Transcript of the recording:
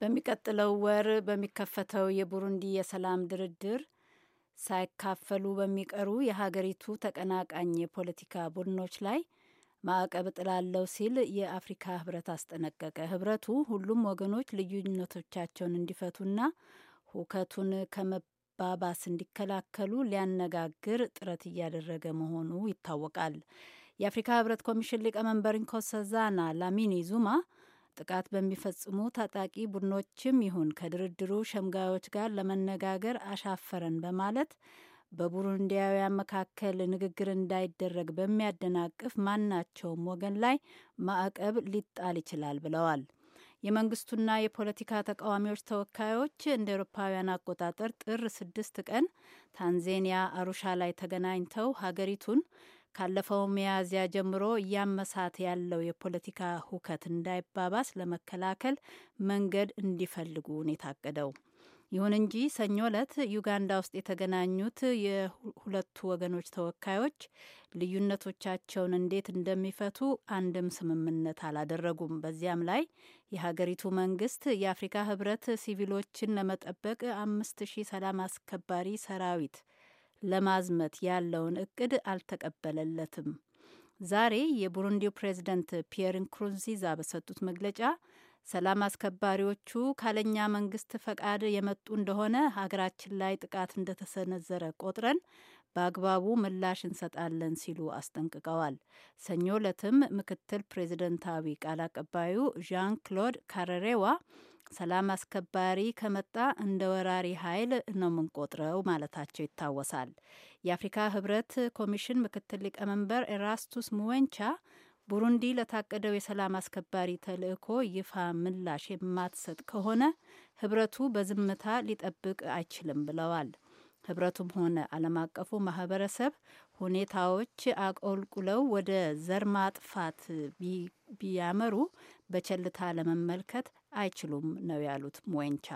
በሚቀጥለው ወር በሚከፈተው የቡሩንዲ የሰላም ድርድር ሳይካፈሉ በሚቀሩ የሀገሪቱ ተቀናቃኝ የፖለቲካ ቡድኖች ላይ ማዕቀብ ጥላለው ሲል የአፍሪካ ህብረት አስጠነቀቀ። ህብረቱ ሁሉም ወገኖች ልዩነቶቻቸውን እንዲፈቱና ሁከቱን ከመባባስ እንዲከላከሉ ሊያነጋግር ጥረት እያደረገ መሆኑ ይታወቃል። የአፍሪካ ህብረት ኮሚሽን ሊቀመንበር ንኮሳዛና ላሚኒ ዙማ ጥቃት በሚፈጽሙ ታጣቂ ቡድኖችም ይሁን ከድርድሩ ሸምጋዮች ጋር ለመነጋገር አሻፈረን በማለት በቡሩንዲያውያን መካከል ንግግር እንዳይደረግ በሚያደናቅፍ ማናቸውም ወገን ላይ ማዕቀብ ሊጣል ይችላል ብለዋል። የመንግስቱና የፖለቲካ ተቃዋሚዎች ተወካዮች እንደ ኤሮፓውያን አቆጣጠር ጥር ስድስት ቀን ታንዜኒያ አሩሻ ላይ ተገናኝተው ሀገሪቱን ካለፈው ሚያዝያ ጀምሮ እያመሳት ያለው የፖለቲካ ሁከት እንዳይባባስ ለመከላከል መንገድ እንዲፈልጉ ነው የታቀደው። ይሁን እንጂ ሰኞ ዕለት ዩጋንዳ ውስጥ የተገናኙት የሁለቱ ወገኖች ተወካዮች ልዩነቶቻቸውን እንዴት እንደሚፈቱ አንድም ስምምነት አላደረጉም። በዚያም ላይ የሀገሪቱ መንግስት የአፍሪካ ህብረት ሲቪሎችን ለመጠበቅ አምስት ሺህ ሰላም አስከባሪ ሰራዊት ለማዝመት ያለውን እቅድ አልተቀበለለትም። ዛሬ የቡሩንዲው ፕሬዝደንት ፒየር ንኩሩንዚዛ በሰጡት መግለጫ ሰላም አስከባሪዎቹ ካለኛ መንግስት ፈቃድ የመጡ እንደሆነ ሀገራችን ላይ ጥቃት እንደተሰነዘረ ቆጥረን በአግባቡ ምላሽ እንሰጣለን ሲሉ አስጠንቅቀዋል። ሰኞ ዕለትም ምክትል ፕሬዝደንታዊ ቃል አቀባዩ ዣን ክሎድ ካረሬዋ ሰላም አስከባሪ ከመጣ እንደ ወራሪ ኃይል ነው የምንቆጥረው ማለታቸው ይታወሳል። የአፍሪካ ህብረት ኮሚሽን ምክትል ሊቀመንበር ኤራስቱስ ሙወንቻ ቡሩንዲ ለታቀደው የሰላም አስከባሪ ተልእኮ ይፋ ምላሽ የማትሰጥ ከሆነ ህብረቱ በዝምታ ሊጠብቅ አይችልም ብለዋል። ህብረቱም ሆነ ዓለም አቀፉ ማህበረሰብ ሁኔታዎች አቆልቁለው ወደ ዘር ማጥፋት ቢያመሩ በቸልታ ለመመልከት አይችሉም ነው ያሉት ሞንቻ።